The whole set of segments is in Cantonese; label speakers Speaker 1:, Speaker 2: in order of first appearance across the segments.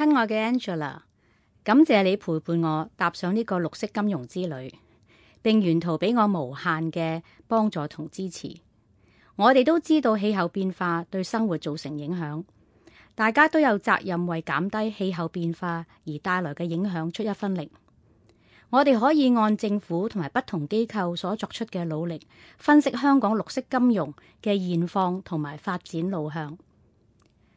Speaker 1: 親愛嘅 Angela，感謝你陪伴我踏上呢個綠色金融之旅，並沿途俾我無限嘅幫助同支持。我哋都知道氣候變化對生活造成影響，大家都有責任為減低氣候變化而帶來嘅影響出一分力。我哋可以按政府同埋不同機構所作出嘅努力，分析香港綠色金融嘅現況同埋發展路向。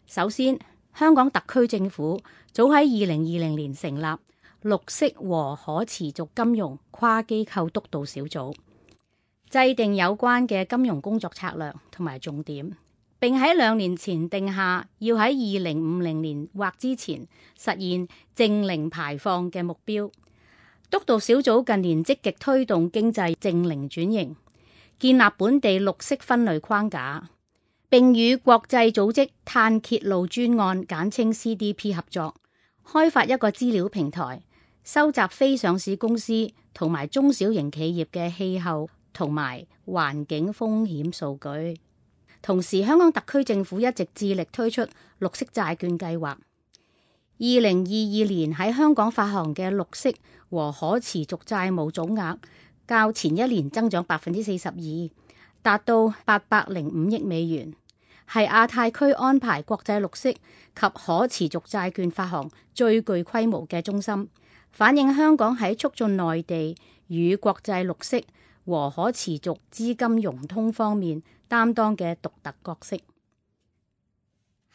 Speaker 1: 首先。香港特區政府早喺二零二零年成立綠色和可持續金融跨機構督導小組，制定有關嘅金融工作策略同埋重點，並喺兩年前定下要喺二零五零年或之前實現淨零排放嘅目標。督導小組近年積極推動經濟淨零轉型，建立本地綠色分類框架。並與國際組織碳揭露專案（簡稱 CDP） 合作，開發一個資料平台，收集非上市公司同埋中小型企業嘅氣候同埋環境風險數據。同時，香港特區政府一直致力推出綠色債券計劃。二零二二年喺香港發行嘅綠色和可持續債務總額較前一年增長百分之四十二，達到八百零五億美元。係亞太區安排國際綠色及可持續債券發行最具規模嘅中心，反映香港喺促進內地與國際綠色和可持續資金融通方面擔當嘅獨特角色。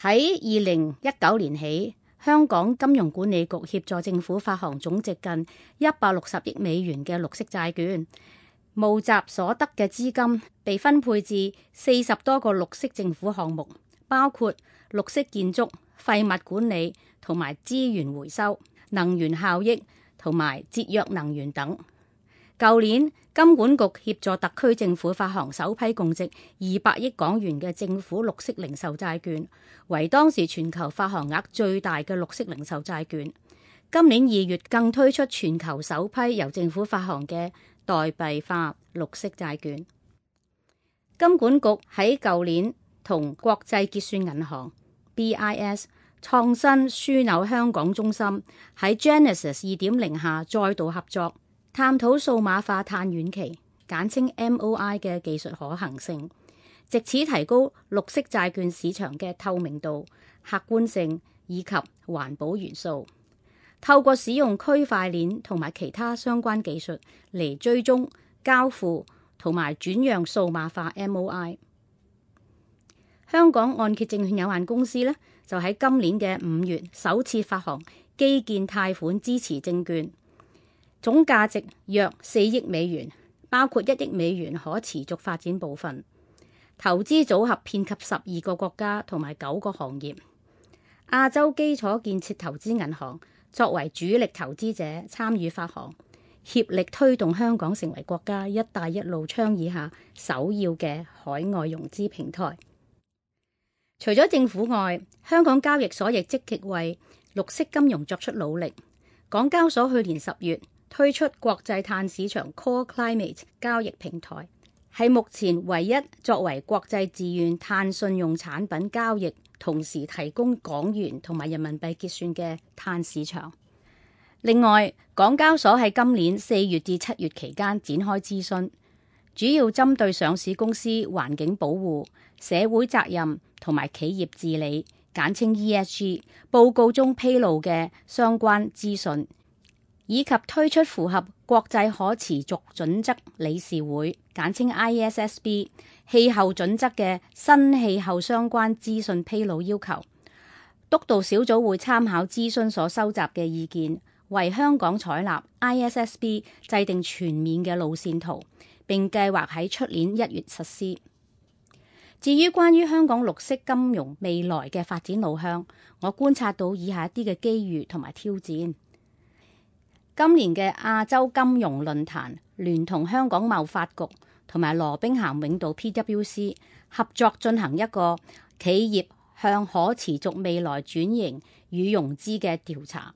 Speaker 1: 喺二零一九年起，香港金融管理局協助政府發行總值近一百六十億美元嘅綠色債券。募集所得嘅資金被分配至四十多個綠色政府項目，包括綠色建築、廢物管理同埋資源回收、能源效益同埋節約能源等。舊年金管局協助特區政府發行首批共值二百億港元嘅政府綠色零售債券，為當時全球發行額最大嘅綠色零售債券。今年二月更推出全球首批由政府發行嘅代幣化綠色債券，金管局喺舊年同國際結算銀行 BIS 創新樞紐香港中心喺 Genesis 二點零下再度合作，探討數碼化碳遠期簡稱 MOI 嘅技術可行性，藉此提高綠色債券市場嘅透明度、客觀性以及環保元素。透過使用區塊鏈同埋其他相關技術嚟追蹤、交付同埋轉讓數碼化 MOI，香港按揭證券有限公司咧就喺今年嘅五月首次發行基建貸款支持證券，總價值約四億美元，包括一億美元可持續發展部分，投資組合遍及十二個國家同埋九個行業。亞洲基礎建設投資銀行作為主力投資者參與發行，協力推動香港成為國家“一帶一路”倡議下首要嘅海外融資平台。除咗政府外，香港交易所亦積極為綠色金融作出努力。港交所去年十月推出國際碳市場 Core Climate 交易平台，係目前唯一作為國際自願碳信用產品交易。同時提供港元同埋人民幣結算嘅碳市場。另外，港交所喺今年四月至七月期間展開諮詢，主要針對上市公司環境保護、社會責任同埋企業治理（簡稱 ESG） 報告中披露嘅相關資訊。以及推出符合國際可持續準則理事會簡稱 ISSB 氣候準則嘅新氣候相關資訊披露要求，督導小組會參考諮詢所收集嘅意見，為香港採納 ISSB 制定全面嘅路線圖，並計劃喺出年一月實施。至於關於香港綠色金融未來嘅發展路向，我觀察到以下一啲嘅機遇同埋挑戰。今年嘅亞洲金融論壇聯同香港貿發局同埋羅兵咸永道 P W C 合作進行一個企業向可持續未來轉型與融資嘅調查。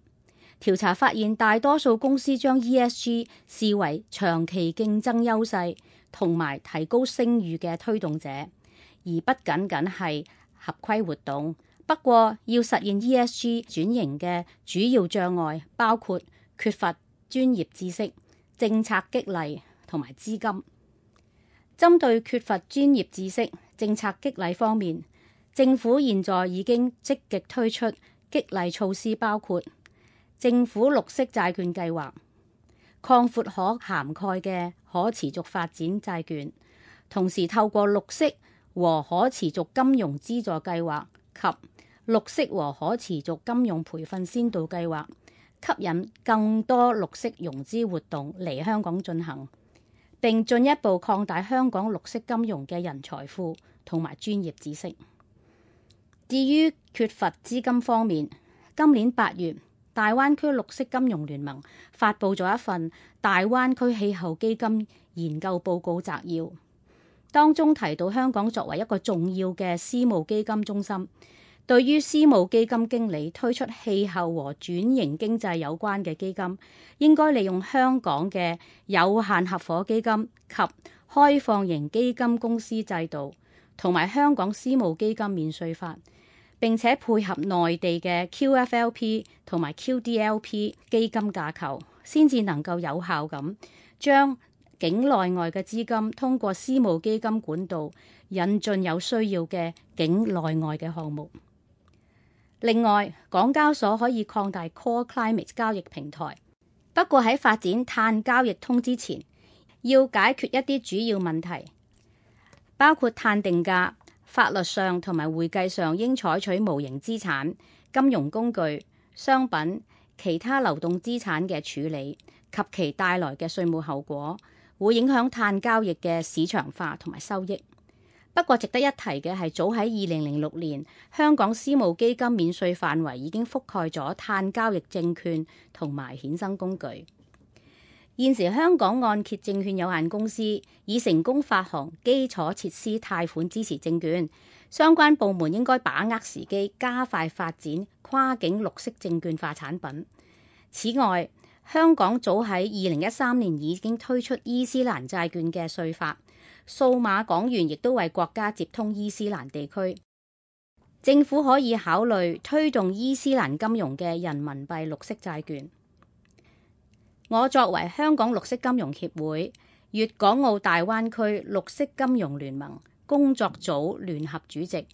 Speaker 1: 調查發現，大多數公司將 E S G 視為長期競爭優勢同埋提高聲譽嘅推動者，而不僅僅係合規活動。不過，要實現 E S G 轉型嘅主要障礙包括，缺乏專業知識、政策激勵同埋資金。針對缺乏專業知識、政策激勵方面，政府現在在已經積極推出激勵措施，包括政府綠色債券計劃，擴闊可涵蓋嘅可持續發展債券，同時透過綠色和可持續金融資助計劃及綠色和可持續金融培訓先導計劃。吸引更多綠色融資活動嚟香港進行，並進一步擴大香港綠色金融嘅人才庫同埋專業知識。至於缺乏資金方面，今年八月，大灣區綠色金融聯盟發布咗一份《大灣區氣候基金研究報告摘要》，當中提到香港作為一個重要嘅私募基金中心。對於私募基金經理推出氣候和轉型經濟有關嘅基金，應該利用香港嘅有限合伙基金及開放型基金公司制度，同埋香港私募基金免稅法，並且配合內地嘅 QFLP 同埋 QDLP 基金架構，先至能夠有效咁將境內外嘅資金通過私募基金管道引進有需要嘅境內外嘅項目。另外，港交所可以擴大 Core Climate 交易平台，不過喺發展碳交易通之前，要解決一啲主要問題，包括碳定價、法律上同埋會計上應採取無形資產、金融工具、商品、其他流動資產嘅處理及其帶來嘅稅務後果，會影響碳交易嘅市場化同埋收益。不過值得一提嘅係，早喺二零零六年，香港私募基金免稅範圍已經覆蓋咗碳交易證券同埋衍生工具。現時香港按揭證券有限公司已成功發行基礎設施貸款支持證券，相關部門應該把握時機，加快發展跨境綠色證券化產品。此外，香港早喺二零一三年已經推出伊斯蘭債券嘅稅法。數碼港元亦都為國家接通伊斯蘭地區，政府可以考慮推動伊斯蘭金融嘅人民幣綠色債券。我作為香港綠色金融協會、粵港澳大灣區綠色金融聯盟工作組聯合主席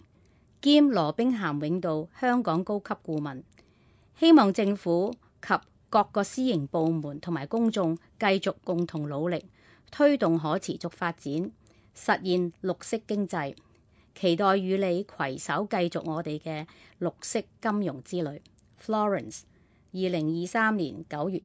Speaker 1: 兼羅兵咸永道香港高級顧問，希望政府及各個私營部門同埋公眾繼續共同努力。推動可持續發展，實現綠色經濟，期待與你攜手繼續我哋嘅綠色金融之旅。Florence，二零二三年九月。